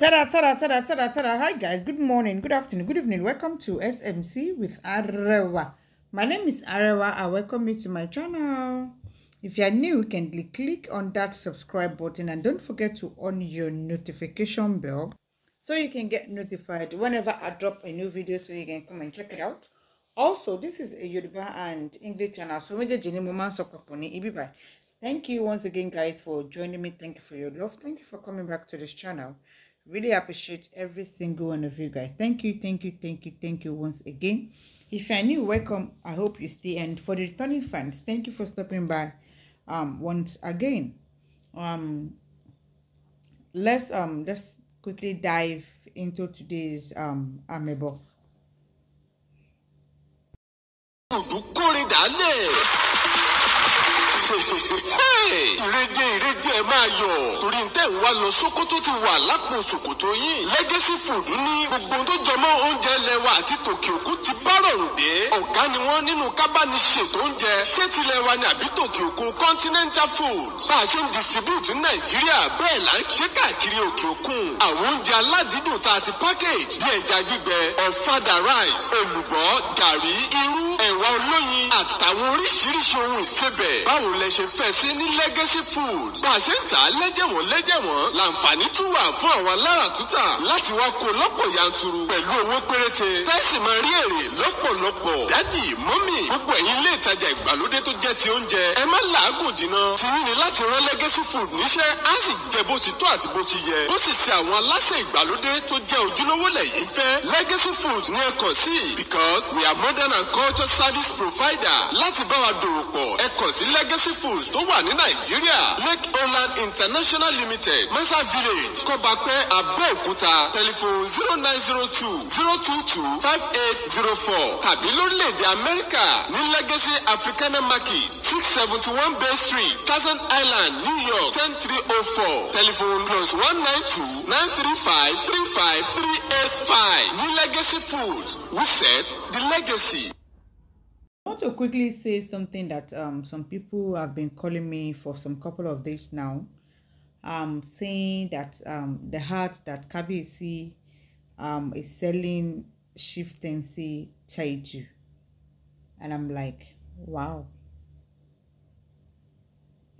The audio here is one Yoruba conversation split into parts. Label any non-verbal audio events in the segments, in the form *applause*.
Tada, tada, tada, tada, tada. Hi, guys. Good morning, good afternoon, good evening. Welcome to SMC with Arewa. My name is Arewa. I welcome you to my channel. If you are new, you can click on that subscribe button and don't forget to on your notification bell so you can get notified whenever I drop a new video so you can come and check it out. Also, this is a Yoruba and English channel. So, thank you once again, guys, for joining me. Thank you for your love. Thank you for coming back to this channel really appreciate every single one of you guys thank you thank you thank you thank you once again if you're new welcome i hope you stay and for the returning fans thank you for stopping by um once again um let's um just quickly dive into today's um amebo *laughs* ìrèdè ìrèdè ẹ máa yọ̀ torí ń tẹ̀ wá lọ Sókótó ti wà lápò ṣòkòtò yín Legacy Food ní gbogbo tó jọmọ́ oúnjẹ lẹ́wà àti tòkè òkun ti bá rọrùn dé ọ̀gá ni wọ́n nínú kábàánì ṣètò oúnjẹ ṣé tilẹ̀ wa ni àbí tòkè òkun Continental Food bá a ṣe ń distribute ní Nàìjíríà bẹ́ẹ̀ là ń ṣe káàkiri òkè òkun àwọn oúnjẹ aládìídùn tá a ti package bí ẹja gbígbẹ ọ̀fadà rice olùbọ́ gàrí irú ẹ̀wà olóyin àtàwọn oríṣiríṣi ohun ìsebẹ̀ báwo lẹ ṣe fẹ́ sí nílẹ̀ legacy foods bá a ṣe ń tà á lẹ́jẹ̀wọ̀n lẹ́jẹ̀wọ̀n làǹfààní tún wà fún àwọn alára tútà láti wá kó lọ́pọ̀ yanturu pẹ̀lú owó péréte tẹ́sí máa rí èrè lọ́pọ̀lọpọ̀ dádì mọ́mì gbogbo ẹ̀yin ilé ìtajà ìgbàlódé tó jẹ́ ti oúnjẹ ẹ má làágùn jìnnà ti ń ni láti rán legacy food níṣẹ́ á sì jẹ bó ti tó àti bó ti yẹ bó sì ṣe àwọn aláṣẹ ìgbàlódé tó jẹ́ ojúlówó lẹ́yìn fẹ́ legacy food ní ẹ kàn sí because we are modern and culture service provider láti bá wa dòwò pọ̀ ẹ kàn sí legacy food tó wà ní nàìjíríà lake holland international limited mesa village kóbapẹ́ abẹ́òkúta Telephone zero nine zero two zero two two five eight zero four tàbí lórílẹ̀‐èdè amẹ́ríkà ní legacy africana market six seventy one bay street thousand island new york ten three oh four Telephone plus one nine two nine three five three five three eight five ní legacy food we set the legacy. I want to quickly say something that um some people have been calling me for some couple of days now. Um saying that um the hat that KBC um is selling shiftency Taiju. And I'm like, wow.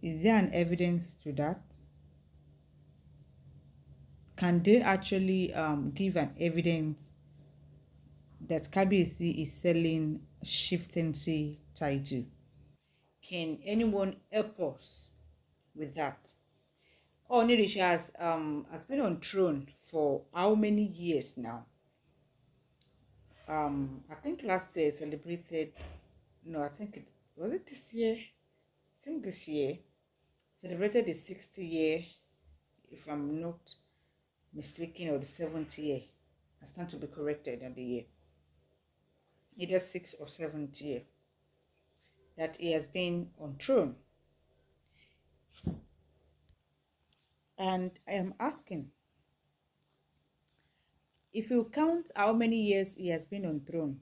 Is there an evidence to that? Can they actually um give an evidence that KBC is selling chieftaincy title. Can anyone help us with that? Onirisha oh, has, um, has been on throne for how many years now? Um, I think last year celebrated, no, I think it was it this year? I think this year celebrated the sixty year, if I'm not mistaken, or the seventy year. I stand to be corrected on the year either sixth or seventh year, that he has been on throne. And I am asking, if you count how many years he has been on throne,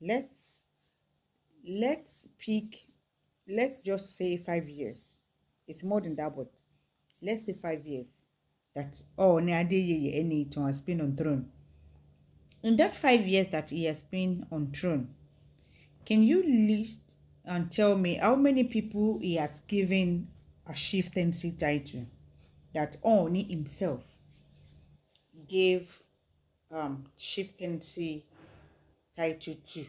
let's let's pick, let's just say five years. It's more than that, but let's say five years. That's oh, Neadeye, any has been on throne. In that five years that he has been on throne, can you list and tell me how many people he has given a chief MC title that only himself gave um, chieftaincy title to?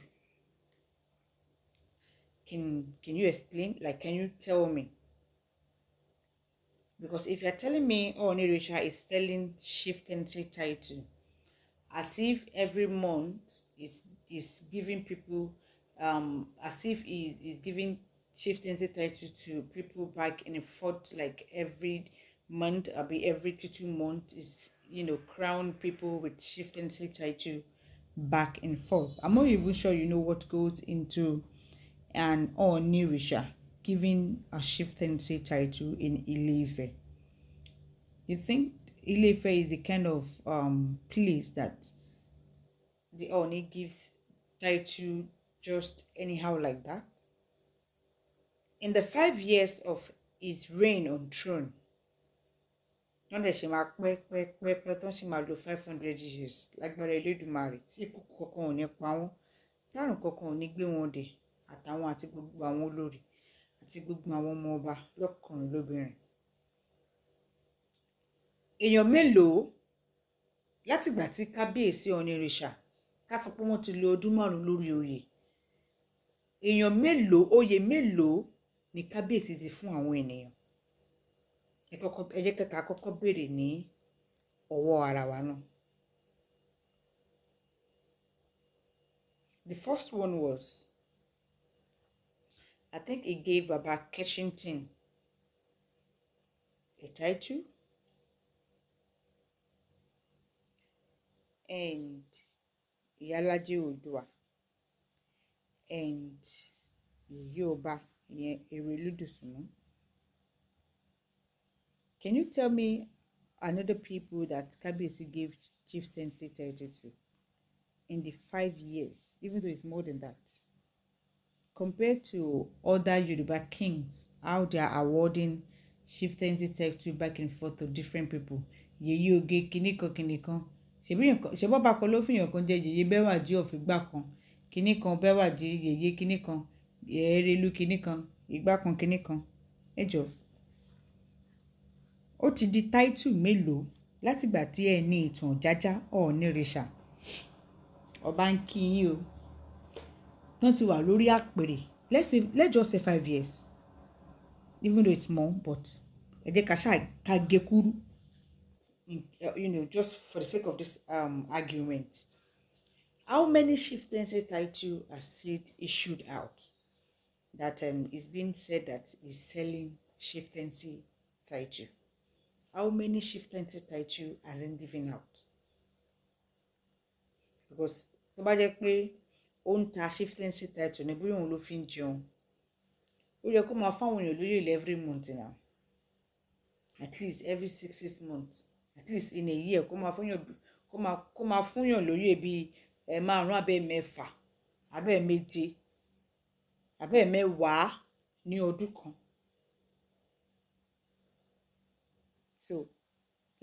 Can, can you explain? Like, can you tell me? Because if you're telling me, oh, Nirisha is selling chieftaincy title, as if every month is is giving people um as if is is giving chieftaincy title to people back and forth like every month I'll be every two two months is you know crown people with chieftaincy title back and forth i'm not even sure you know what goes into an or nourisher giving a chieftaincy title in eleven. You think Ilefe is the kind of um, place that the Oni gives title just anyhow like that. In the five years of his reign on throne, don't dẹ̀ ṣe máa pẹ́ pẹ́ pẹ́ pẹ́ tó ń ṣe máa five hundred years like lágbára Elédùmarè married. ikú kankan ò ní pa wọ́n dárùn kankan ò ní gbé wọn dẹ̀ àtàwọn àti gbogbo àwọn olórí àti gbogbo àwọn ọmọ ọba lọ́kùnrin lóbìnrin èèyàn mélòó látìgbà tí kábíyèsí onírìṣà ká sọ pé wọ́n ti lo ọdún márùn lórí oyè èèyàn mélòó oyè mélòó ni kábíyèsí ti fún àwọn ènìyàn ẹ jẹ́ kẹta kọ́kọ́ béèrè ní ọwọ́ ara wa náà. The first one was I think it gave Baba Kensington a title and ìyálájé oòdùà and yìí ọba ìyẹn Èrèlúdùsùnmú. Can you tell me another people that Kábíyèsí gave chieftaincy title to in the five years even though it's more than that? Compared to other Yoruba kings, how they are awarding chieftaincy title back and forth to different people. Yèyí oge kìnìkan kìnìkan ṣe bọ́ba kan ló fìyàn kan jẹ yèyé bẹ́wàjí ọ̀fìn gbà kan kinní kan bẹ́wàjí yèyé kinní kan ẹ̀ẹ́rẹ́lú kinní kan ìgbà kan kinní kan ẹ jọ ó ti di táìtù mélòó látìgbà tí ẹ ní ìtàn jájá ọ̀ọ́nì rìṣà ọba ń kí yín o tán ti wà lórí àpèrè let's just say five years even though it's more but ẹ jẹ́ ká ṣáà ká gé kúrú Uh, you know, just for the sake of this um, argument, how many chieftaincy title are said issued out? That um, is being said that is selling chieftaincy title. How many chieftaincy title has been given out? Because tó bá jẹ́ pé ó ń title ní bóyá òun ló fi ń jẹun ó yẹ kó máa fáwọn every month now at least every six six months at least in a year kó máa fúnyàn kó máa kó máa fúnyàn lóyè bíi ẹ eh, márùn abẹ́ mẹ́fà abẹ́ méje abẹ́ mẹ́wàá ní ọdún kan so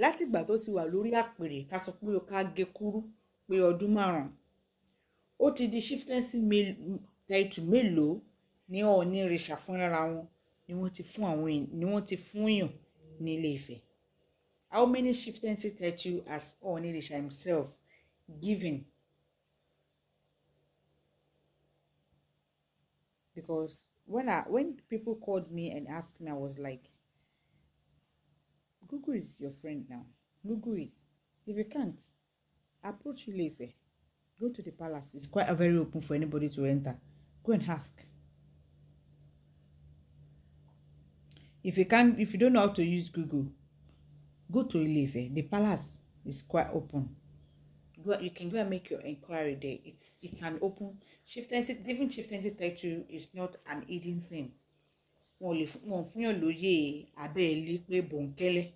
látìgbà tó ti wà lórí àpèrè ká sọ pé ó ká gé kúrú pé ọdún márùn ó ti di chieftaincy title mélòó ní Ọọ̀ni Ìrìṣà fúnra wọn ni wọ́n ti fún àwọn ni wọ́n ti fún yàn ní Ilé How many chieftains that you as Onirisha himself given? Because when I when people called me and asked me, I was like, Google is your friend now. Google it. If you can't, approach Ilefe. Go to the palace. It's quite a very open for anybody to enter. Go and ask. If you can if you don't know how to use Google, go to Ilefe. The palace is quite open. Go, you can go and make your inquiry there. It's it's an open chieftaincy. Even chieftaincy title is not an hidden thing. Wọ́n lè wọ́n fún yàn lóyè abẹ́ ilé pé bòńkẹ́lẹ́.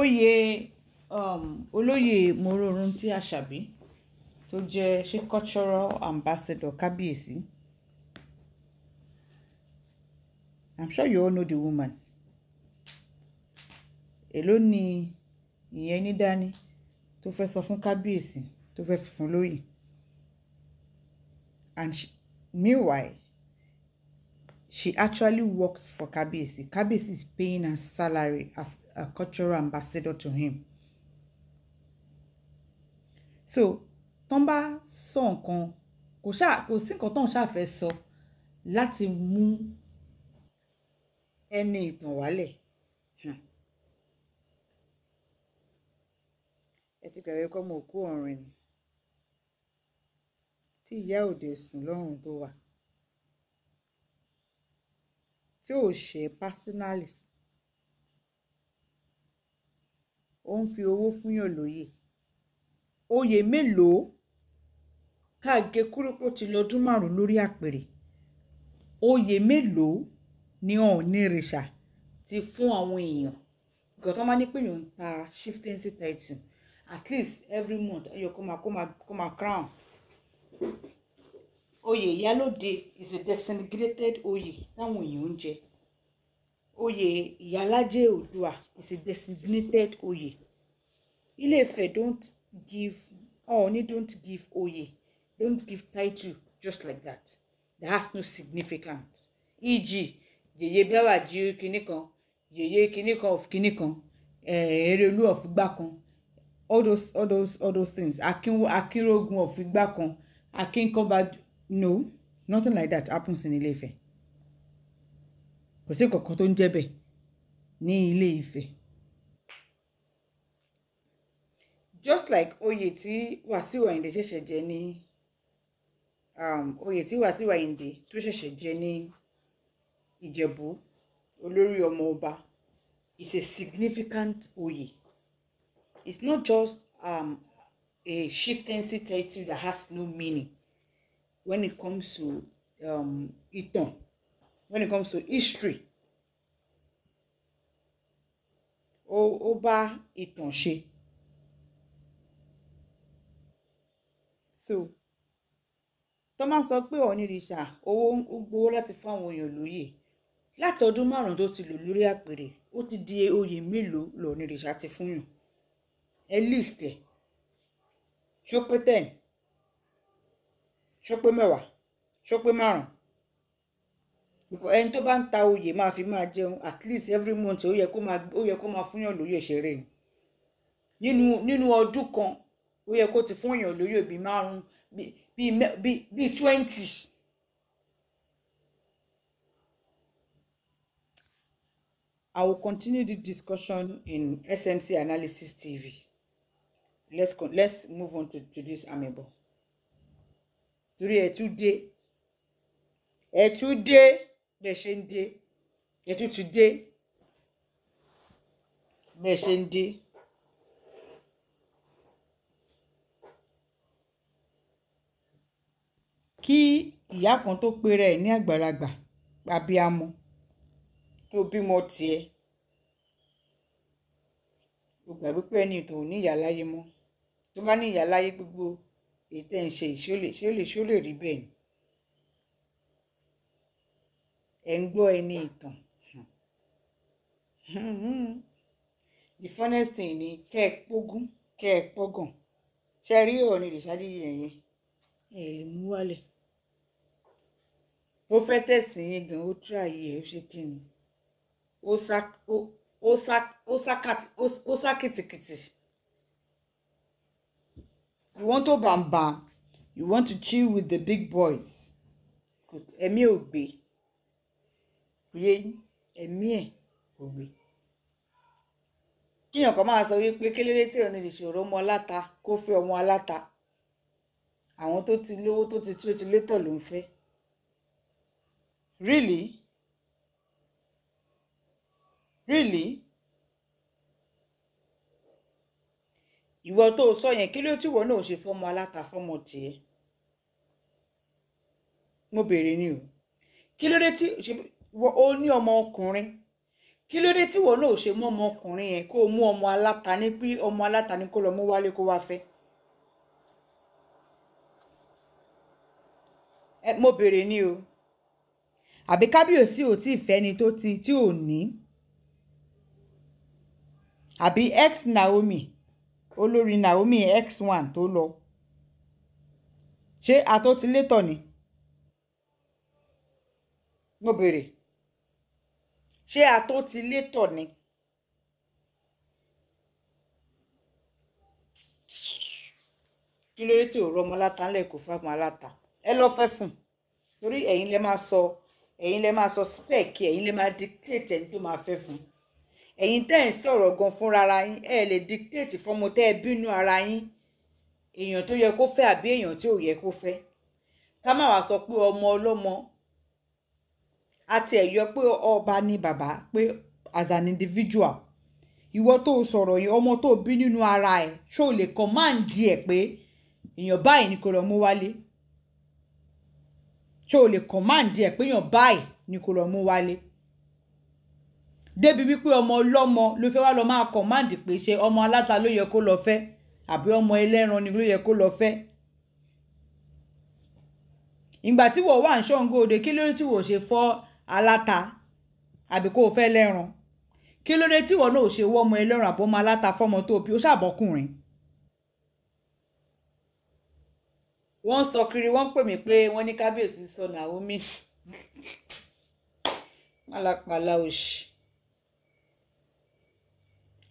Oyè um, olóyè Mòrórunti Àṣàbí tó jẹ́ ṣe cultural ambassador kábíyèsí. Si i'm sure you all know the woman èló ni ìyẹn ní dání tó fẹ́ sọ fún kábíyèsí tó fẹ́ fún lóyè and she, meanwhile she actually works for kábíyèsí kábíyèsí is paying her salary as a cultural ambassador to him so tán bá sọ nǹkan kò sí nǹkan tán ṣáà fẹ́ sọ láti mú ẹni ìtàn wálẹ̀ hmm. ẹ ti gbàgbé kọ́ mọ òkú ọ̀run ni tí ìyá òde sùn lọ́rùn tó wà tí ò ṣe pásínálì ó ń fi owó fúnyàn lóye oyè mélòó ká gé kúrúkú ti lọ́dún márùn-ún lórí àpèrè oyè mélòó ní Ọ̀ọ̀ni ìrìṣà ti fún àwọn èèyàn nǹkan tó máa ní pé èèyàn ń ta chieftaincy title at least every month ẹyọ kó máa kó máa kó máa crown oyè ìyálóde is a designated oyè táwọn èèyàn ń jẹ oyè ìyálájẹ Oòduà is a designated oyè Ilé-Ifẹ̀ don't give Ọọ̀ni oh, don't give oyè don't give title just like that that has no significance e.g yèyé báwa jí kinní kan yèyé kinní kan of kinní kan eh, Erelu of gbá kan all those all those all those things akínwó akínrógun of gbá kan akínkọ́ba no nothing like that happens in Ilé Ifẹ̀ kò sí kankan tó ń jẹ́ bẹ́ẹ̀ ní Ilé Ifẹ̀ just like oyè tí Wàsíù Àyìndé ṣẹ̀ṣẹ̀ jẹ ní um, oyè tí Wàsíù Àyìndé tó ṣẹ̀ṣẹ̀ jẹ ní ìjẹ̀bú olórí ọmọ ọba is a significant oyè it's not just um, a chieftaincy title that has no meaning when it comes to um, ìtàn when it comes to history o o bá ìtàn ṣe so Thomas máa sọ pé Ọ̀ọ̀ni rìṣà owó ń gbowó láti fáwọn èèyàn lóyè láti ọdún márùn-ún tó ti lò lórí àpèrè ó ti di oyè mélòó lọ́ọ̀ni rìṣà ti fún yàn ẹ list ẹ̀ ṣó pé ten ṣó pé mẹ́wàá ṣó márùn because ẹni tó bá ń ta oyè máa fi máa jẹun at least every month ó yẹ kó máa ó yẹ kó máa fún yàn lóyè ṣeré ni nínú nínú ọdún kan ó yẹ kó ti fún yàn lóyè bíi márùn-ún bíi bíi bíi twenty I will continue the discussion in SMC Analysis TV. Let's con let's move on to, to this amebo. Torí ẹ̀ tún dé. today, tún day. bẹ́ẹ̀ ṣe ń dé. Ẹ̀ tún tún dé bẹ́ẹ̀ ṣe ń dé. Kí tó bímọ tiẹ̀ o gbàgbé pé ẹni tó ní ìyá láyé mọ́ tó bá ní ìyá láyé gbogbo èyí tẹ́ ń ṣe ìṣólè ṣólè ṣólè rí bẹ́ẹ̀ ni ẹ̀ ń gbọ́ ẹni ìtàn the funnest thing ni kẹ́ ẹ pógún kẹ́ ẹ pọ́gàn ṣe rí Ọọ̀ni ìrìṣàdí yẹn ẹ lè mú wálẹ̀ prophetess yẹn gan ó try ẹ ó ṣe kí ni ó sá kìtìkìtì ìwọ́n tó bàǹbà you want to chill with the big boys ẹ̀mí ò gbé yé ẹ̀mí ẹ̀ ò gbé kíyàn kan máa sọ wípé kéléré tí òun lè ṣòro ọmọ aláta kó fẹ́ ọmọ aláta àwọn tó ti lówó tó ti tú ó ti létọ̀ ló ń fẹ́ really really ìwọ tó o sọ yẹn kí ló tí ìwọ náà ṣe fọmọ aláta fọmọ tiẹ̀ mo béèrè ni o kí ló dé tí o ní ọmọ ọkùnrin kí ló dé tí ìwọ náà ṣe mú ọmọ ọkùnrin yẹn kó o mú ọmọ aláta ní pé ọmọ aláta ní kó lọ mú wálé kó wá fẹ́. mo béèrè ni o àbí kábíyèsí ò tí ì fẹ́ni tó ti tí ò ní àbí X Naomi olórí Naomi X one tó lọ ṣé atótilétọ̀ ni mo béèrè ṣé atótilétọ̀ ni. kí ló dé tí ò rọmọ láta ńlẹ kò fáwọn aláta ẹ lọ fẹ́ fún torí ẹ̀yin lẹ máa sọ ẹ̀yin lẹ máa sọ spec ẹ̀yin lẹ máa dictate ẹni tó máa fẹ́ fún ẹ̀yin tẹ́ ẹ̀ ń sọ̀rọ̀ gan fúnra ara yín ẹ lè dictate fọmọ tẹ́ ẹ bínú ara yín èèyàn tó yẹ kó fẹ́ àbí èèyàn tí ò yẹ kó fẹ́ ká má wàá sọ pé ọmọ ọlọ́mọ àti ẹ̀yọ pé ọba ní bàbá pé as an individual ìwọ tó sọ̀rọ̀ yìí ọmọ tó bí nínú ara ẹ̀ ṣó lè command ẹ̀ pé èèyàn báyìí ni kò lọ mú wálé ṣó lè command ẹ̀ pé èèyàn báyìí ni kò lọ mú wálé débi wípé ọmọ ọlọ́mọ ló fẹ́ wá lọ máa kọ̀máǹdì pé ṣe ọmọ aláta ló yẹ kó lọ fẹ́ àbí ọmọ ẹlẹ́ran ni ló yẹ kó lọ fẹ́ ìgbà tí wọ́n wà ń ṣọ́ǹgó òde kí ló dé tí wọ́n ṣe fọ́ aláta àbí kó o fẹ́ lẹ́ran kí ló dé tí wọ́n náà ṣe wọ́ ọmọ ẹlẹ́ran àbọ́mọ aláta fọ́mọ tó bí ó ṣàbọ̀kùnrin wọ́n sọ kiri wọ́n pè mí pé wọ́n ní kábíyèsí sọ Naomi pálapàla *laughs*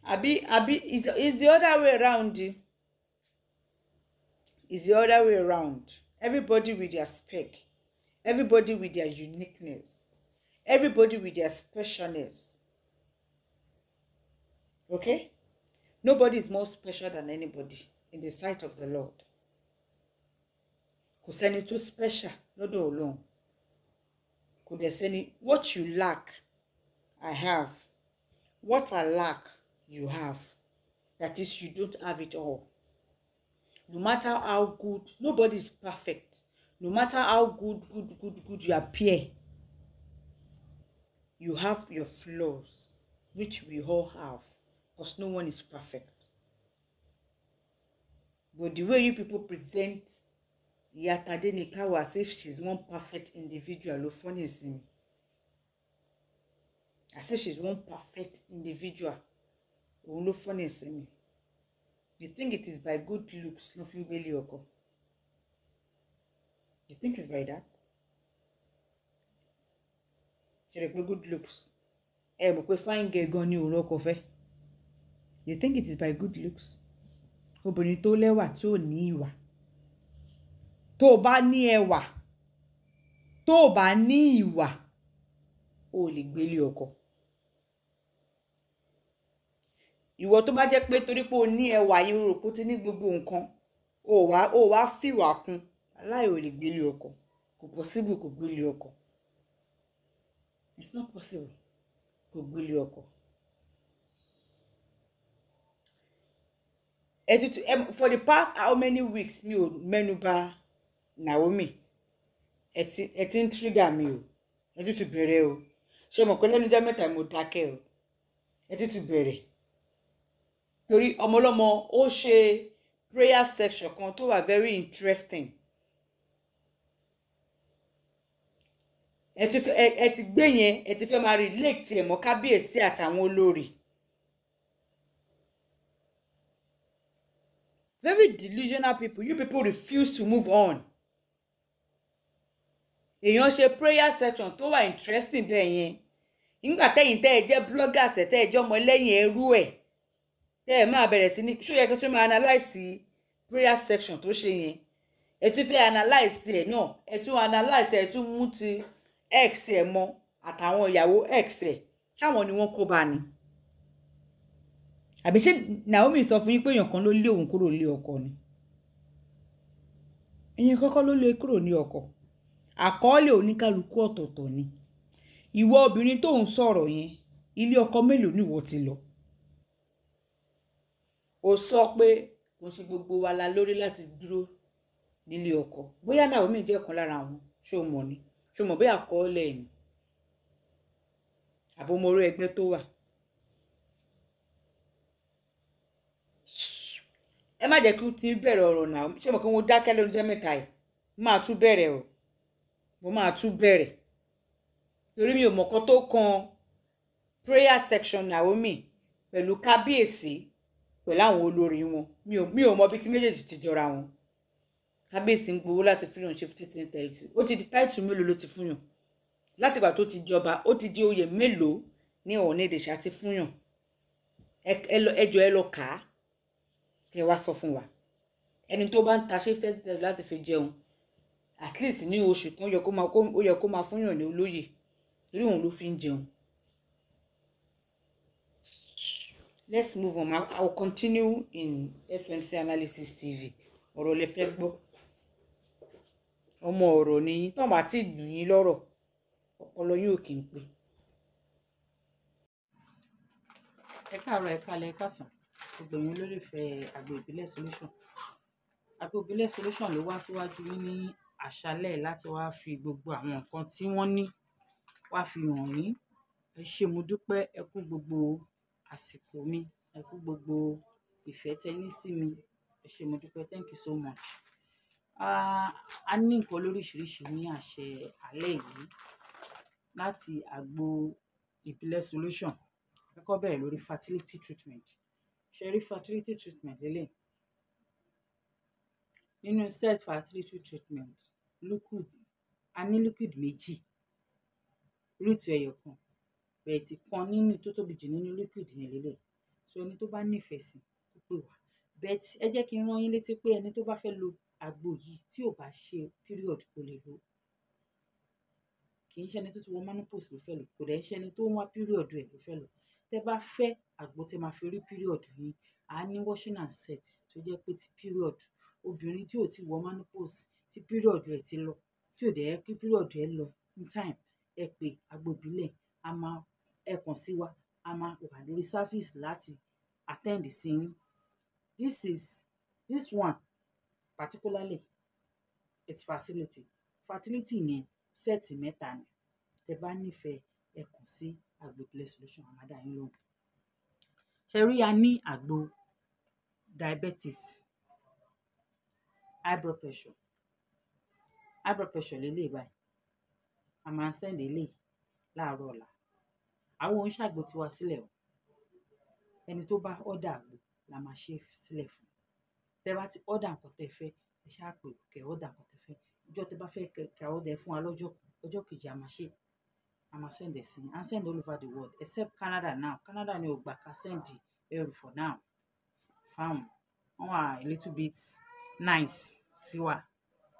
abi abi is is the other way around. is the other way around. everybody with their spec everybody with their uniqueness everybody with their specialness okay nobody is more special than anybody in the sight of the lord kò sẹ́ni tó special lọ́dọ̀ ọlọ́run kò dẹ̀ sẹ́ni what you lack i have what i lack you have. That is, you don't have it all. No matter how good, nobody is perfect. No matter how good, good, good, good you appear, you have your flaws, which we all have, because no one is perfect. But the way you people present Iya Tadenikawa as if she's one perfect individual ló funny sí mi as if she's one perfect individual òun ló fọ́nà ẹ̀sìn mi you think it is by good looks ló fi ń gbélé ọkọ you think it's by that ṣe rẹ̀ pé good looks ẹ mọ̀ pé fine girl gan ni òun ọkọ fẹ́ you think it is by good looks obìnrin tó lẹ́wà tí ò ní ìwà tó o bá ní ẹwà tó o bá ní ìwà o lè gbélé ọkọ ìwọ tó bá jẹ́ pé torí pé o ní ẹwà yìí rò pé ti ní gbogbo nǹkan o wá o wá fìwà kún aláì ò lè gbélé ọkọ kò possible kò gbélé ọkọ it's not possible kò gbélé ọkọ. ètùtù for the past how many weeks mi ò mẹ́nu bà Naomi ẹ ti trigger mi o ètùtù bẹ̀rẹ̀ o ṣé mo pẹ́ lẹ́nu jẹ́ mẹ́ta mo dákẹ́ o ètùtù bẹ̀rẹ̀ torí ọmọlọ́mọ ó ṣe prayer section kan tó wà very interesting ẹ ti gbé yẹn ẹ ti fẹ́ máa relate tiẹ̀ mọ́ kábíyèsí àtàwọn olórí very delusional people you people refuse to move on èèyàn ṣe prayer section tó wà interesting bẹ́ẹ̀ yẹn nígbà tẹ́yìn tẹ́ ẹ jẹ́ bloggers ẹ̀ tẹ́ ẹ jẹ́ lẹ́yìn ẹrú ẹ̀. E tẹ́ ẹ máa bẹ̀rẹ̀ sí ní ṣó yẹ kí tún máa analyse prayer section tó ṣe yẹn ẹ tún fẹ́ analyse ẹ̀ náà ẹ tún analyse ẹ tún mú ti x ẹ̀ mọ́ àtàwọn ìyàwó x ẹ̀ ṣáwọn ni wọ́n kó bá ni àbí ṣé Naomi sọ fún yín pé èèyàn kan ló lé òun kúrò lé ọkọ ni èèyàn kọ́kọ́ ló lé kúrò ní ọkọ àkọọ́lẹ̀ oníkálukú ọ̀tọ̀ọ̀tọ̀ ni ìwọ obìnrin tó sọ̀rọ̀ yẹn ilé ọkọ mélòó ni ìwọ ti lọ ó sọ pé kò ṣe gbogbo wa la lórí láti dúró nílé ọkọ bóyá Naomi jẹ́ ọ̀kan lára àwọn ṣó mọ̀ ni ṣó mọ̀ bóyá àkọọ́lẹ̀ ẹ̀ ni àbomọrú ẹgbẹ́ tó wà. ẹ má jẹ́ kí n ti bẹ̀rẹ̀ ọ̀rọ̀ náà ṣé mo kí wọ́n dákẹ́ lẹ́nu jẹ́ mẹ́ta yìí máa tún bẹ̀rẹ̀ o mo máa tún bẹ̀rẹ̀ torí mi ò mọ̀kan tó kan prayer section Naomi pẹ̀lú kábíyèsí. Si pẹ̀lú àwọn olórí wọn mi ò mi ò mọ bí tí méjèèjì ti jọra wọn kábíyèsí ń gbowó láti fíyàn ṣe fifteen thirty ó ti di táìtù mélòó ló ti fúnyàn látìgbà tó ti jọba ó ti di oyè mélòó ní ọ̀ọ́nà ìdèṣà ti fúnyàn ẹjọ́ ẹ lọ kà á kẹ wá sọ fún wa ẹni tó bá ń ta ṣe fifteen thirty láti fi jẹun at least ní oṣù kan ó yẹ kó máa fúnyàn ní olóyè torí òun ló fi ń jẹun let's move on i will continue in SMC Analysis TV ọ̀rọ̀ lè fẹ́ gbọ́ ọmọ ọ̀rọ̀ ni yín tán bá ti lù yín lọ́rọ̀ ọpọlọ yín ò kì í pé. ẹ káàárọ̀ ẹ kálẹ́ ẹ káàsán gbogbo yín olólùfẹ́ àgbo solution àgbo ìbílẹ̀ solution ló wá síwájú yín ní àṣálẹ́ láti wá fi gbogbo àwọn nǹkan tí wọ́n ní wá fi hàn yín ẹ ṣé mo dúpẹ́ ẹ kú gbogbo àsìkò mi, ẹ kú gbogbo ìfẹ́ tẹ ní sí mi. Ẹ ṣe mo dúpẹ́. Thank you so much. Ah, a ní nǹkan lóríṣiríṣi ní àṣẹ alẹ́ yìí láti àgbo ìbílẹ̀ solution. A bẹ̀rẹ̀ lórí fertility treatment. Ṣé rí fertility treatment lélẹ̀? Nínú set fertility treatment, liquid, a ní liquid méjì, root ẹyọ kan bẹ̀ẹ̀tì kan nínú tó tóbi jù nínú liquid yẹn lélẹ̀. So ẹni tó bá nífẹ̀ẹ́ sí kó pè wá. But ẹ jẹ́ kí n rán yín létí pé ẹni tó bá fẹ́ lo àgbo yìí tí ò bá ṣe period kò lè lò ó. Kì í ṣe ẹni tó ti wọ menopause ló fẹ́ lò kò dẹ̀ ṣe ẹni tó ń wá period rẹ̀ ló fẹ́ lò ó. Tẹ bá fẹ́ àgbo tẹ máa fi rí period yín, a ní washing and set tó jẹ́ pé ti period. Obìnrin tí ò tí wọ menopause, tí period rẹ̀ ti lọ, tí ò dẹ̀ kí period ẹ lọ in time, ẹ pè àgbo ìbílẹ̀, a máa ẹ kàn sí wa a máa wà lórí service láti attend sí yín this is this one particularly it's facility fertility yẹn sẹ́ẹ̀tì mẹ́ta ni tẹ bá nífẹ̀ẹ́ ẹ kàn sí agbo play solution àmàdá yín lóhùn ṣe rí a ní àgbo diabetes high blood pressure high blood pressure lè lè báyìí a máa send eléyìí láàárọ̀ ọ̀la àwọn òun ṣàgbò tiwa sílẹ̀ o ẹni tó bá ọ́dà àgbò la máa ṣe sílẹ̀ fún tẹ bá ti ọ́dà nǹkan tẹ fẹ́ ẹ ṣáà pè kẹ ọ́dà nǹkan tẹ fẹ́ ìjọ tẹ bá fẹ́ kẹ ọ́dà ẹ fún wa lọ́jọ́ ọjọ́ kejì a máa ṣe a máa send ẹ sí and send all over the world except Canada now Canada ni ò gbà ká send ẹrù for now fáwọn wọn wà a little bit nice sí wa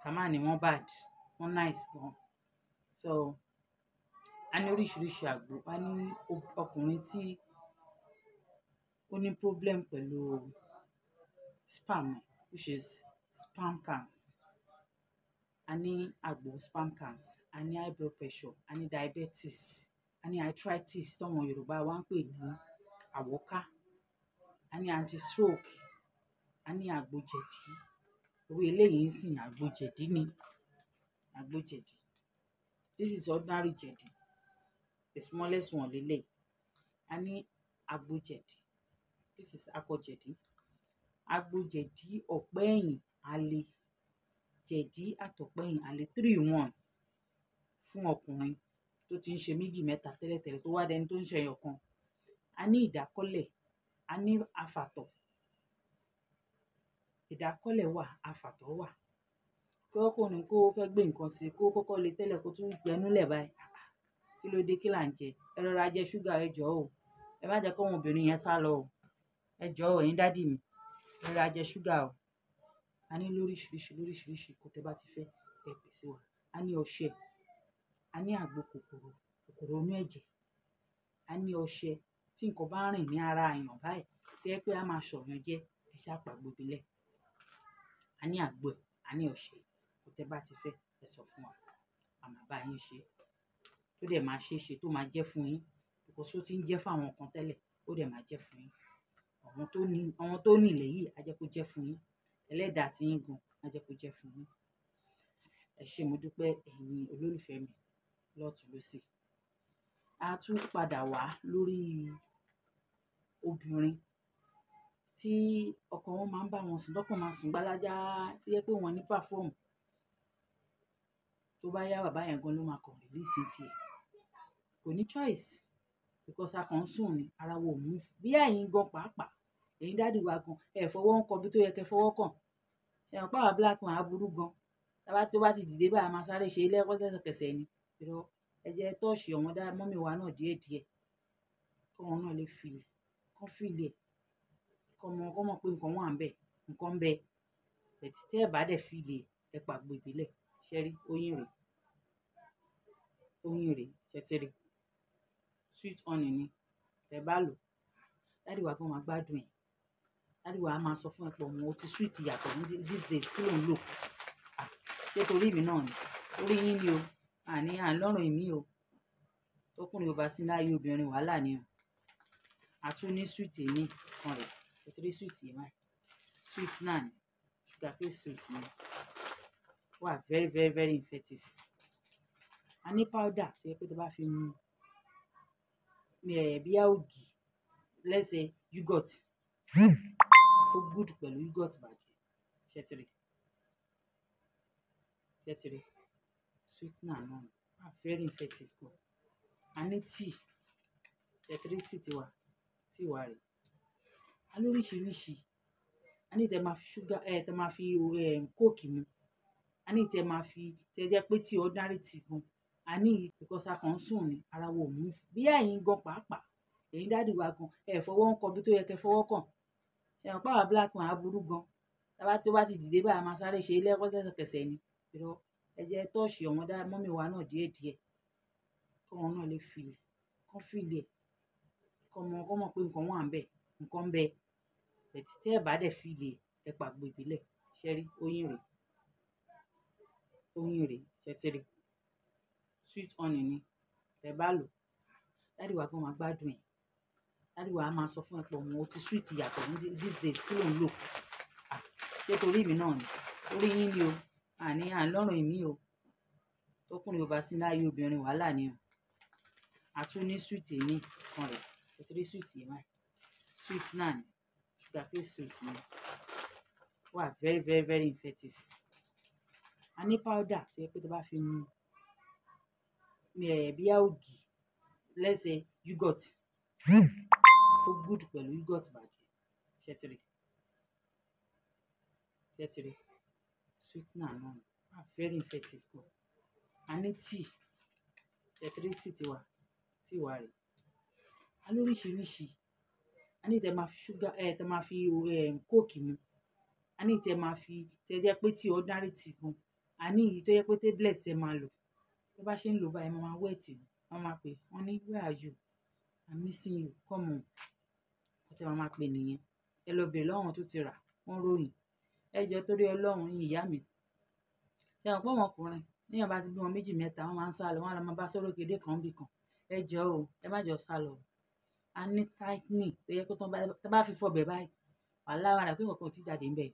kàmáà ni wọ́n bad wọ́n nice gan so. A ní oríṣiríṣi àgbo. A ní ọkùnrin tí ó ní problem pẹ̀lú sperm, which is sperm cancer. A ní àgbo sperm cans. a ní high blood pressure, a ní diabetes, a ní arthritis tí àwọn Yorùbá wa ń pè ní àwọ́ká, a ní anti-stroke, a ní àgbo jẹ̀dí. Irú eléyìí ń sìn àgbo jẹ̀dí ni, àgbo jẹ̀dí. This is ordinary jẹ̀dí the smallest one lélẹ̀ a ní this is akọ̀jẹ̀dí agbòjẹ̀dí ọ̀pẹ́yìn ale jẹ̀dí àtọ̀pẹ́yìn ale three in one fún ọkùnrin tó ti ń ṣe méjì mẹ́ta tẹ́lẹ̀tẹ́lẹ̀ tó wá dẹni tó ń ṣe ẹyọ kan a ní ìdákọ́lẹ̀ a ní afàtọ̀ ìdákọ́lẹ̀ wà afàtọ̀ wà kọ́kùnrin kó fẹ́ gbé nǹkan sí kó kọ́kọ́ le tẹ́lẹ̀ kó tún gbẹnúlẹ̀ báyìí kí ló dé kí là ń jẹ ẹ rọra jẹ ṣúgà ẹ jọ̀ọ́ o ẹ má jẹ́ kó àwọn obìnrin yẹn sá lọ o ẹ jọ̀ọ́ o ẹ̀yin dádì mi ẹ rọra jẹ ṣúgà o a ní lóríṣiríṣi lóríṣiríṣi kó tẹ bá ti fẹ́ ẹ pèsè wa a ní ọṣẹ a ní àgbo kòkòrò kòkòrò inú ẹ̀jẹ̀ a ní ọṣẹ tí nǹkan bá rìn ní ara èèyàn báyìí tẹ́ pé a máa ṣọ̀yàn jẹ ẹ ṣàpàgbò ìbílẹ̀ a ní àgbo ẹ̀ a ní ọṣẹ kó tẹ bá ti fẹ́ ẹ sọ fún wa àmàbá yín ṣe tó dẹ̀ máa ṣe é ṣe tó máa jẹ́ fún yín because ó ti ń jẹ́ fún kan tẹ́lẹ̀ ó dẹ̀ máa jẹ́ fún yín àwọn tó ní yìí á jẹ́ kó jẹ́ fún yín ẹlẹ́dàá ti yín gan á jẹ́ kó jẹ́ fún yín ẹ ṣé mo dúpẹ́ ẹ̀yin olólùfẹ́ mi lọ́tùn lósì a tún padà wá lórí obìnrin tí ọkọ wọn máa ń bá wọn sùn lọ́kàn máa sùn gbálájá tí yẹ pé wọ́n ní pàfọ́ọ̀mù tó bá yá bàbá yẹn gan ló máa kàn rìlíìsì tiẹ̀ kò ní choice because a kàn ń sùn ni ara wa ò move bí ẹ̀yin gan pàápàá ẹ̀yin dádì wa gan ẹ fọwọ́ ń kan bí tó yẹ kẹ́ fọwọ́ kàn ṣẹ̀wọ̀n pàwọ́ black man aburú gan tábà tí ó bá ti dìde báyà máa sáré ṣe ilé ẹ̀kọ́ lẹ́sẹ̀kẹsẹ̀ ni ìrọ ẹ jẹ́ tọ́ọ̀ṣì ọ̀wọ́n dá mọ́mì wa náà díẹ̀ díẹ̀ kọ́mọ náà lè fi kán fìlì ẹ̀ kọ́mọ kọ́mọ pé nǹkan wà ń bẹ̀ nǹkan ń bẹ̀ bẹ̀tí tẹ́ ẹ̀ bá dẹ̀ fìlì ẹ̀ pàgbò ìbílẹ̀ ṣẹ́rí oyin rèé oyin rèé ṣẹ́tí rèé sweet honey ni tẹ́ bá lò dáàdì wa gan máa gbádùn ẹ̀ dáàdì wa máa sọ fún ẹ pé òun ò ti sweet yàtọ̀ ní these days kí ló ń lò ṣé torí mi náà ni orí yín ni o àní à ń lọ́rùn ìmí o tọkùnrin ọba sí láàyè obìnrin wàhálà ni o àtún ní sweet èmi kan rẹ̀ ètòrí sweet yìí máa sweet náà ni sugar free sweet ni wà very very very effective a ní powder tó yẹ pé tó bá fi mu Eh, bíá ògì lẹ́sẹ̀ yúgọ̀t ó gùdù pẹ̀lú yúgọ̀t bàjẹ́ ṣẹ́tìrì ṣẹ́tìrì sweetener náà are ah, very effective gan a ní tíì ṣẹ́tìrì tíì tiwa tíì wa rè a ní oríṣiríṣi a ní tẹ máa fi ṣúgà ẹ eh, tẹ máa fi eh, kóòkì mu a ní tẹ máa fi tẹ jẹ́ pé tíì ordinary tíì gan a ní yìí because a kàn ń sùn ni ara wa ò mú bí ẹ̀yin gan pàápàá ẹ̀yin dáàdì wa gan ẹ̀ fọwọ́ ń kọ bí tó yẹ kẹ́ fọwọ́ kàn ṣẹ̀wọ̀n pàwọ́ black man aburú gan tábà tí ó bá ti dìde báyà máa sáré ṣe ilé ẹ̀kọ́ kẹsẹ̀kẹsẹ̀ ni ìrọ ẹ jẹ́ tọ́ọ̀ṣì ọ̀wọ́n dá mọ́mì wa náà díẹ̀ díẹ̀ kọ́wọn náà lè fi kọ́ fìlẹ̀ kọ́mọ kọ́mọ pé nǹkan wà ń bẹ̀ nǹkan ń bẹ bẹ̀tí tẹ́ ẹ̀ bá dẹ̀ fìlẹ̀ ẹ̀ pàgbò ìbílẹ̀ ṣẹ́rí oyin rèé oyin rèé ṣẹ́tìrì sweet honey ni tẹ́ bá lò dáàdì wa gan máa gbádùn ẹ̀ dáàdì wa máa sọ fún ẹ pọ̀ mọ́ o ti sweet yàtọ̀ ní these days kí ló ń lò ṣé torí mi náà ni torí yín ni o àní àlọ́run mi o tọkùnrin ò bá sí láàyè obìnrin wàhálà ni o àtún ní sweet èmi kan rẹ̀ o sweet yìí máa sweet náà ni sugar paste sweet ni wà very very very effective a ní powder tó yẹ pé tó bá fi mu Eh, bíi ògì lẹ́sẹ̀ yogurt ó good pẹ̀lú yogurt bàjẹ́ ṣẹ́tìrì ṣẹ́tìrì sweetener náà ah, very effective gan a ní tea ṣẹ́tìrì tea ti wà tea wa. rè a ní oríṣiríṣi a ní tẹ máa fi ṣúgà ẹ eh, tẹ ma fi eh, kóòkì mu a ní tẹ máa fi tẹ jẹ́ pé tea ordinary tea gan a ní èyí tó jẹ́ pé tablet ẹ máa lò Bí bá ṣe ń lò báyìí, mo máa wẹ̀ tì, wọ́n máa pè, wọ́n ní "Where are you? I'm missing you. Come on." Nǹkan tí wọ́n máa pè nìyẹn. Ẹ lọ bèrè lọ́wọ́ àwọn tó ti rà, wọ́n ròyìn. Ẹ jọ torí Ọlọ́run, ẹyin ìyá mi. Ṣé ẹ mọ̀ pé àwọn ọkùnrin, bí èèyàn bá ti bí ọmọ méjì mẹ́ta, wọ́n máa ń sálọ, wọ́n á lọ máa bá sọ̀rọ̀kẹ́dé kan níbi kan. Ẹ jọ o, ẹ má jọ sálọ o. A ní tightening tó yẹ pé tí bá fi fọ̀bẹ báyìí, wàhálà máa dà pé nǹkan ò tí jáde níbẹ̀.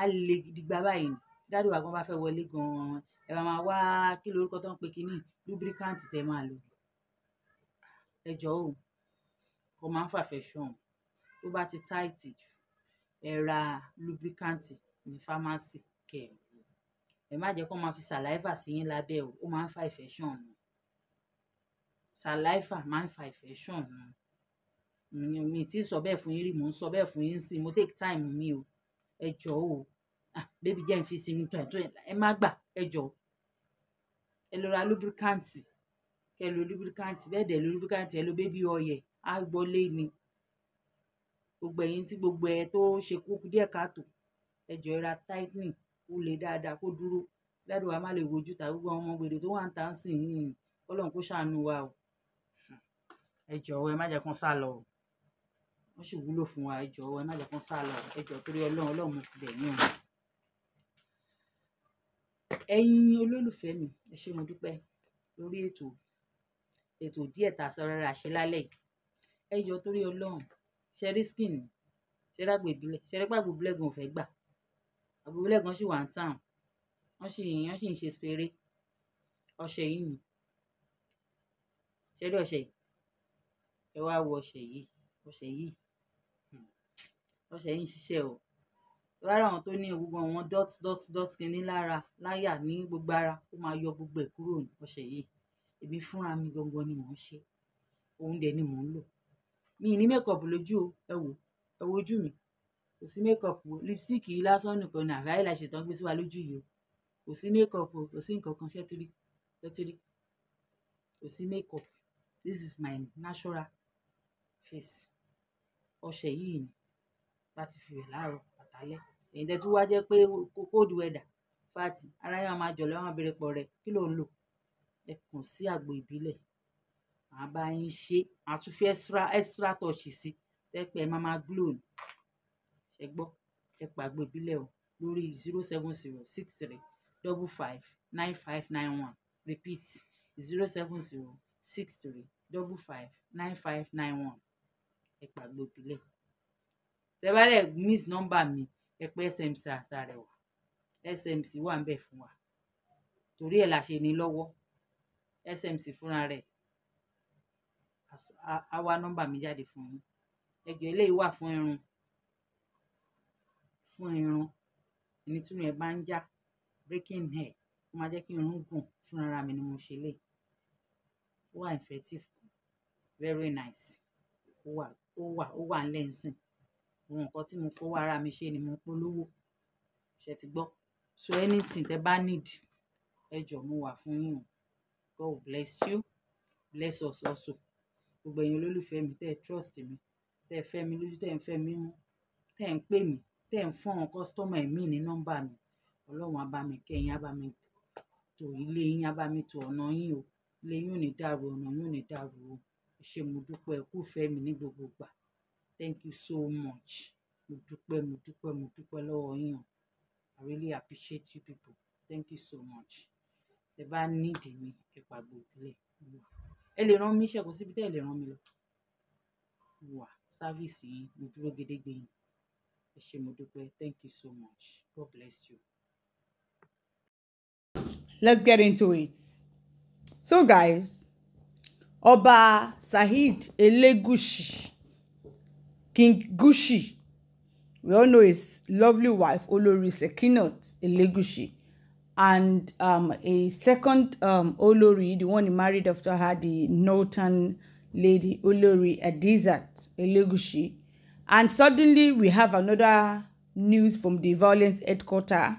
A lè gidi báyìí ni. Daddy bá fẹ́ wọlé gan-an, ẹ máa máa wá kí lórúkọ tó ń pe kínní lubricant tẹ máa lò ẹ jọ̀ọ́ o kò máa ń fàfẹ́sọ̀n tó bá ti táìtì jù ẹ ra lubricant ní fámásì kẹrin ẹ má jẹ́ kó máa fi saliva sí yín lábẹ́ o ó máa ń fa ìfẹ́sọ̀n nù saliva máa ń fa ìfẹ́sọ̀n nù mi ti sọ bẹ́ẹ̀ fún yín rí mò ń sọ bẹ́ẹ̀ fún yín sí mo take time mi o ẹ jọ̀ọ́ o bébí jẹ́ ń fi sínú twenty twenty ẹ má gbà ẹ jọ ẹ lọ ra lubricant kẹ lo lubricant bẹ́ẹ̀ dẹ̀ lo lubricant ẹ lo bébí ọyẹ á gbọ́ lé ni gbogbo ẹ̀yin tí gbogbo ẹ tó ṣe kú díẹ̀ káàtó ẹ jọ ra tightening kó lè dáadáa kó dúró lẹ́dùn wa má lè wojú ta gbogbo àwọn ọmọ gbèrè tó wà ń tà ń sìn yìí kọ́lọ́n kó ṣàánú wa o ẹ jọ̀wọ́ ẹ má jẹ́ kán sá lọ o wọ́n sì wúlò fún wa ẹ jọ̀wọ́ ẹ má jẹ́ kán sá lọ ẹ jọ̀ọ́ torí ọlọ́run ọlọ́run mo fi bẹ̀ yín o. Ẹ̀yin olólùfẹ́ mi, ẹ ṣé mo dúpẹ́ lórí ètò, ètò díẹ̀ ta sọ rárá ṣe lálẹ́ yìí. Ẹ jọ torí Ọlọ́run, ṣé rí skin ni? Ṣé rágbo ìbílẹ̀? Ṣé rí pé àgbo ìbílẹ̀ gan ò fẹ́ gbà? Àgbo ìbílẹ̀ gan ṣì wà ní town. Wọ́n ṣì, wọ́n ṣì ń ṣe spray. Ọṣẹ yìí ni. Ṣé rí ọṣẹ yìí? Ẹ wá wo ọṣẹ yìí, ọṣẹ yìí. Hmm. Ọṣẹ yìí ń ṣiṣẹ́ o lára àwọn tó ní gbogbo àwọn dot dot dot kìíní lára láyà ní gbogbo ara ó máa yọ gbogbo ẹ̀ kúrò ní ọṣẹ yìí èmi fúnra mi gangan ni mò ń ṣe òun dẹ̀ ni mò ń lò mi ní makeup lójú o ẹ wò ẹ wo ojú mi kò sí makeup o lipstick yìí lásán nìkan ni àfi eyelashes tán gbé sí wa lójú yìí o kò sí makeup o kò sí nǹkan kan ṣẹ́tìrí ṣẹ́tìrí kò sí makeup this is my natural face ọṣẹ yìí ni láti fi wẹ̀ láàárọ̀ tẹ́lẹ̀ ẹ̀yin tẹ́ tún wá jẹ́ pé cold weather fáàtì ara yẹn máa jọ̀lọ́ wọn béèrè pọ̀ rẹ̀ kí ló ń lò ẹ kàn sí àgbo ìbílẹ̀ màá bá yín ṣe àtúnfi extra extra touch sí tẹ́pẹ́ ẹ máa máa glow ni ẹ gbọ́ ẹ pàgbo ìbílẹ̀ o lórí zero seven zero six three double five nine five nine one repeat zero seven zero six three double five nine five nine one ẹ pàgbo ìbílẹ̀ tẹ́ bá dẹ̀ miss number mi ẹ pé smc àsàrẹwà smc wà ń bẹ fún wa torí ẹ̀ la ṣe ní lọ́wọ́ smc fúnra rẹ̀ á wá nọ́mbà mi jáde fún yín ẹjọ́ eléyìí wà fún irun fún irun ẹni tí irun ẹ bá ń já breaking hair ó máa jẹ́ kí irun gùn fúnra mi ni mo ṣe lè wà effective very nice ó wà ó wà ó wà ń lẹ́yìn sìn àwọn nǹkan tí mo fọwọ́ ara mi ṣe ni mo ń polówó ṣe ti gbọ́. So anything tẹ bá need, ẹ jọ̀ mo wà fún yín o. God bless you, bless us also. Gbogbo ẹ̀yin olólùfẹ́ mi tẹ trust mi, tẹ fẹ́ mi lójú, tẹ ń fẹ́ mi mú, tẹ ń pè mí, tẹ ń fún àwọn customer mi ní nọ́mbà mi. Ọlọ́run á bá mi kẹ́ yín, á bá mi to ilé yín, á bá mi to ọ̀nà yín o. Ilé yín ò ní dàrú, ọ̀nà yín ò ní dàrú o. Ṣé mo dúpẹ́ ẹ kú ìfẹ́ mi ní gbogbo ìgbà. Thank you so much. Mo dúpẹ́, mo dúpẹ́, mo dúpẹ́ lọ́wọ́ yín. I really appreciate you people. Thank you so much. Tẹ bá need mi, ẹ pàgbo ìbílẹ̀. Ẹ lè rán mi iṣẹ́, kò síbi tí ẹ lè rán mi lọ. Mo wà, sáfíìsì yín, mo dúró gédégbé yín. Ẹ ṣé, mo dúpẹ́. Thank you so much. God bless you. Let's get into it. So guys, Ọba Saheed Elegushi. King Gushi, we all know his lovely wife, Olori Sekinat Elegushi, and um, a second um, Olori, the one he married after her, the northern lady, Olori Adizat Elegushi. And suddenly we have another news from the violence Headquarter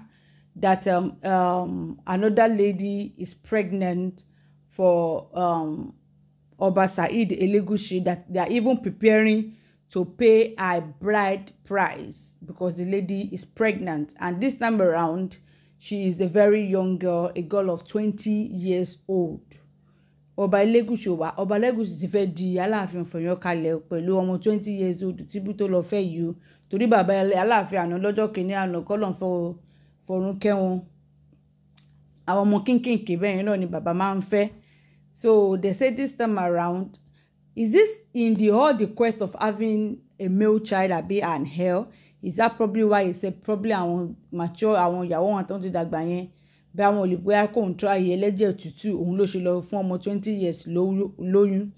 that um, um, another lady is pregnant for um, Obasaid Said Elegushi, that they are even preparing to pay her bride price because the lady is pregnant and this time around she is a very young girl a girl of twenty years old ọba elégùsì wa ọba elégùsì ti fẹ́ di aláàfin fẹ̀yàn kalẹ̀ pẹ̀lú ọmọ twenty years old tíbú tó lọ fẹ́ yìí o torí bàbá aláàfin àná lọ́jọ́ kìíní àná kọ́lọ̀ fọ̀run kẹ́wọn àwọn ọmọ kínkìnkì bẹ́ẹ̀ náà ni bàbá máa ń fẹ́ so they say this time around is this in the all the quest of having a male child abi and hell is that probably why he say probably àwọn mature àwọn ìyàwó wọn tó ń ti dàgbà yẹn bí àwọn olùgbéyà kò ń try ẹlẹ́jẹ̀ tútù òun ló ṣe lọ fún ọmọ twenty years lóyún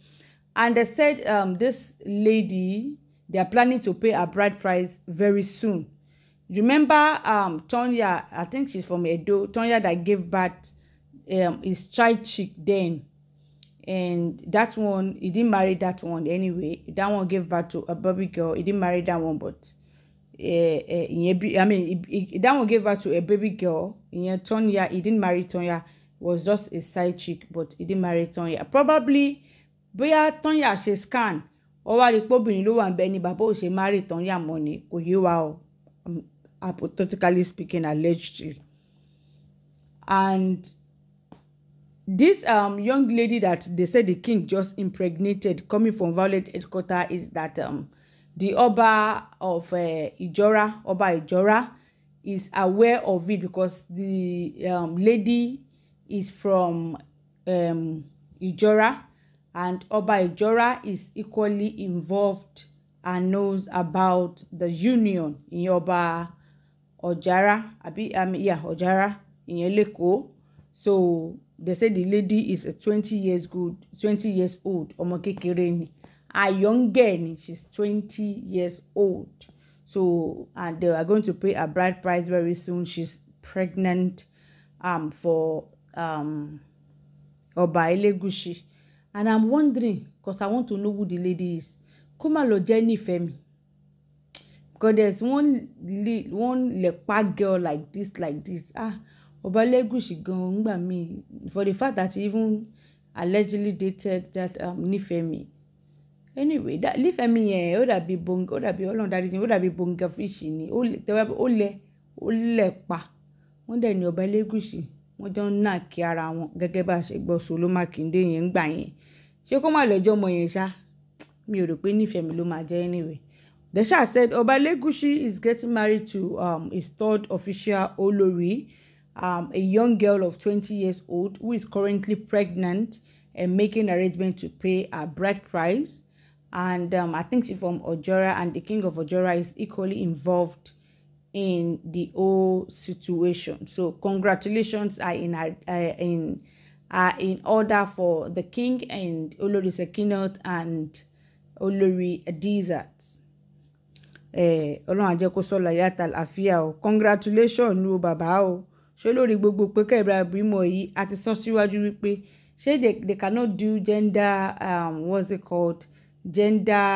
and they said um, this lady they are planning to pay her bride price very soon remember um, Tonya I think she's from Edo Tonya that gave birth um, his child chick then and that one he didn't marry that one anyway that one gave birth to a baby girl he didn't marry that one but uh, uh, I mean he, he, that one gave birth to a baby girl ìyẹn Tonya he didn't marry Tonya was just a side chick but he didn't marry Tonya probably but yeah, Tonya she scan ó wá rí pọ́bìnrin ló wà ń bẹ ni bàbá Tonya money. ni you are, wa hypothetically speaking allegedly and this um, young lady that they said the king just impregnated coming from violent headquarter is that um, the Oba of uh, Ijora, Oba Ijora, is aware of it because the um, lady is from um, Ijora and Oba Ijora is equally involved and knows about the union in Oba Ojara, abi, um, yeah, Ojara, in Eleko. So they say the lady is a twenty years old twenty years old ọmọ kékeré ni her young girl ni she's twenty years old so and they are going to pay a bride price very soon she's pregnant um, for um, Ọba Elegushi and I'm wondering because I want to know who the lady is kó má lọ because there's one one lepa girl like this like this ah Oba Legusi gan ngbà mí for the fact that even allegedly dated that um, Nífẹ̀mí anyway that Nífẹ̀mí yẹn ó dàbí bonga ó dàbí Ọlọ́run dárí ó dàbí bonga fish ni ó lẹ ó lẹ ó lẹ pa wọ́n dẹ̀ ní Ọba Elegushi wọ́n jọ ń nà kí ara wọn gẹ́gẹ́ bá a ṣe gbọ́ Solo Makinde yẹn ń gbà yẹn ṣé kó má lọ́jọ́ ọmọ yẹn ṣá mi ò rò pé Nífẹ̀mí ló máa jẹ́ anyway Desha said Ọba Legusi is getting married to um, his third official Olori um, a young girl of 20 years old who is currently pregnant and making arrangement to pay a bride price. And um, I think she's from Ojora, and the king of Ojora is equally involved in the whole situation. So congratulations are in are, uh, in are in order for the king and Olori Sekinot and Olori Adizat. Eh, àjẹkó sọ̀lá yàtà àfíà congratulations o bàbá o ṣé lórí gbogbo pé kẹ́ẹ̀bẹ̀rẹ̀ àbímọ yìí a ti sọ síwájú wípé ṣé they, they cannot do gender um, what's it called gender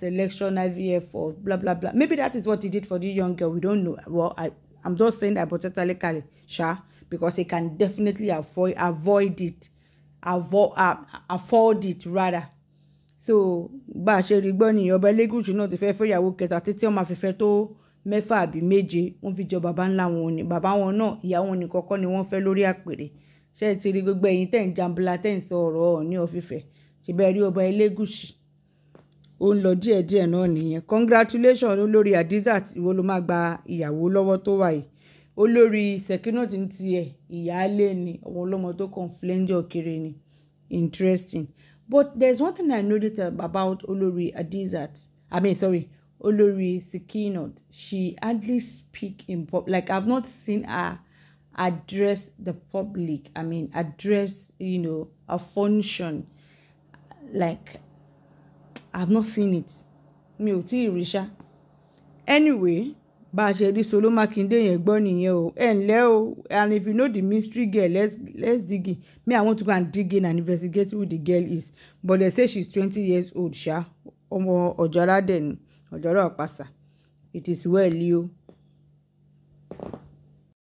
selection IVF or blah blah blah maybe that is what he did for the young girl we don't know well I I'm just saying that hypothetically sha because he can definitely avoid avoid it avoid uh, afford it rather so bá a ṣe rí gbọ́ nìyẹn ọba elégùsù náà ti fẹ́ fẹ́ ìyàwó kẹta títí ọmọ àfẹ́fẹ́ tó mẹ́fà àbí méje wọ́n fi jọ bàbá ńlá wọn ni bàbá wọn náà ìyá wọn ní kọ́kọ́ ni wọ́n fẹ́ lórí àpèrè ṣé ẹ ti rí gbogbo ẹ̀yin tẹ̀ ń jambula tẹ̀ ń sọ ọ̀rọ̀ Ọọ̀ni of Ife ṣùgbọ́n rí ọba Elégùṣì ó ń lọ díẹ̀díẹ̀ náà nìyẹn congratulations olórí Adizat ìwọ ló máa gba ìyàwó lọ́wọ́ tó wà yìí olórí Sekinat ń tiẹ̀ ìyáálé ni ọmọ ọlọ́mọ tó kàn flenjo kiri ni interesting but there's one thing I know noticed about olórí Adizat I mean sorry Olori Sikinot, she hardly speak in pub. Like I've not seen her address the public. I mean, address you know a function. Like I've not seen it. Mi ò tí Anyway, bá a ṣe Solo Makinde yẹn gbọ́ nìyẹn o. Ẹ ǹlẹ́ and if you know the mystery girl, let's let's dig in. Me, I want to go and dig in and investigate who the girl is. But they say she's twenty years old Sha. Omo Ojala then ọ̀jọ̀rọ̀ pàṣà it is well You.